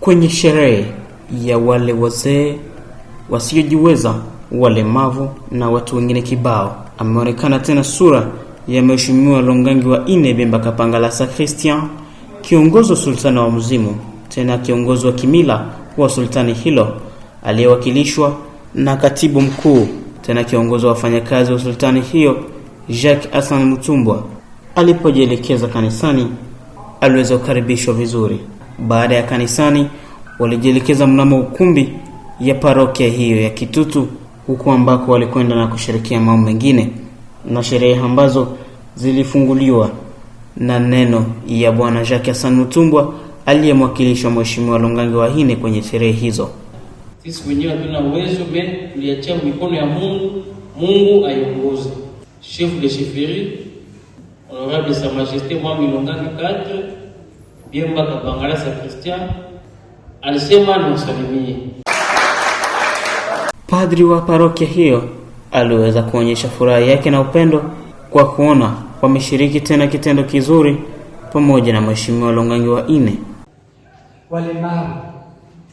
kwenye sherehe ya wale wazee wasiojiweza, walemavu na watu wengine kibao. Ameonekana tena sura ya Mheshimiwa Longangi wa ine Bemba la Christian, kiongozi wa sultani wa Mzimu, tena kiongozi wa kimila wa sultani hilo aliyewakilishwa na katibu mkuu, tena kiongozi wa wafanyakazi wa sultani hiyo Jacques Hassan Mutumbwa. Alipojielekeza kanisani, aliweza kukaribishwa vizuri. Baada ya kanisani, walijielekeza mnamo ukumbi ya parokia hiyo ya Kitutu, huku ambako walikwenda na kusherekea mambo mengine na sherehe ambazo zilifunguliwa na neno ya Bwana Jacques Hassan Mutumbwa aliyemwakilisha Mheshimiwa wa hine kwenye sherehe hizo. Sisi wenyewe hatuna uwezo bali tuliachia mikono ya Mungu, Mungu aiongoze. Chef de chefferie Honorable Sa Majesté Mwami longange 4 Byemba Kabangalasa Christian alisema niwasalimie. Padri wa parokia hiyo aliweza kuonyesha furaha yake na upendo kwa kuona wameshiriki tena kitendo kizuri pamoja na Mheshimiwa Longangi wa ine Walemavu,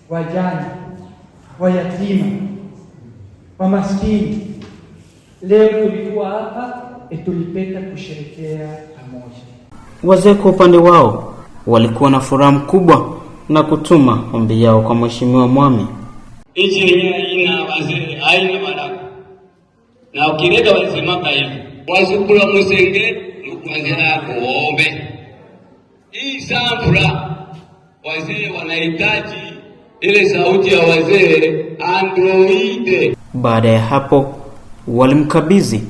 wajane, wayatima, wamaskini, leo tulikuwa hapa eh, tulipenda kusherekea pamoja. Wazee kwa upande wao walikuwa na furaha kubwa na kutuma ombi yao kwa mheshimiwa Mwami. Hizi ina wazee haina baraka na ukileta wazimaka hivi wazukula msenge ukwanzela kuombe hii samfula. Wazee wanahitaji ile sauti ya wazee androide. Baada ya hapo walimkabidhi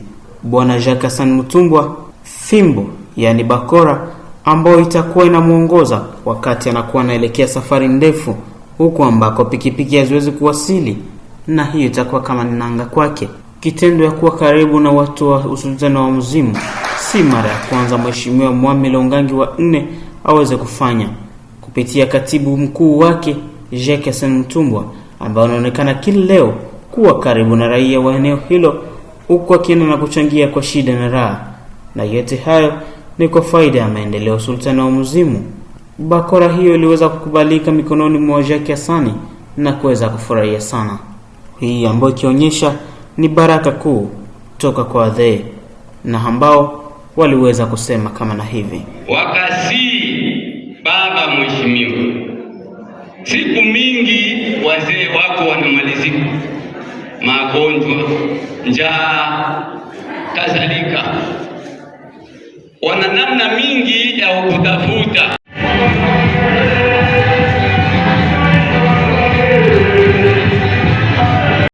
Bwana Jacques Hassan Mutumbwa fimbo yani bakora ambayo itakuwa inamwongoza wakati anakuwa anaelekea safari ndefu huku ambako pikipiki haziwezi kuwasili, na hiyo itakuwa kama ninanga kwake. Kitendo ya kuwa karibu na watu wa usultani wa mzimu si mara ya kwanza mweshimiwa Mwami Longangi wa nne aweze kufanya kupitia katibu mkuu wake jekesen Mtumbwa, ambayo anaonekana kila leo kuwa karibu na raia wa eneo hilo, huku akienda na kuchangia kwa shida na raha, na yote hayo ni kwa faida ya maendeleo sultani wa Muzimu. Bakora hiyo iliweza kukubalika mikononi mwa Jacques Assani na kuweza kufurahia sana, hii ambayo ikionyesha ni baraka kuu toka kwa dhee na ambao waliweza kusema kama na hivi wakasi baba mheshimiwa, siku mingi wazee wako wanamalizika magonjwa, njaa kadhalika wana namna mingi ya kutafuta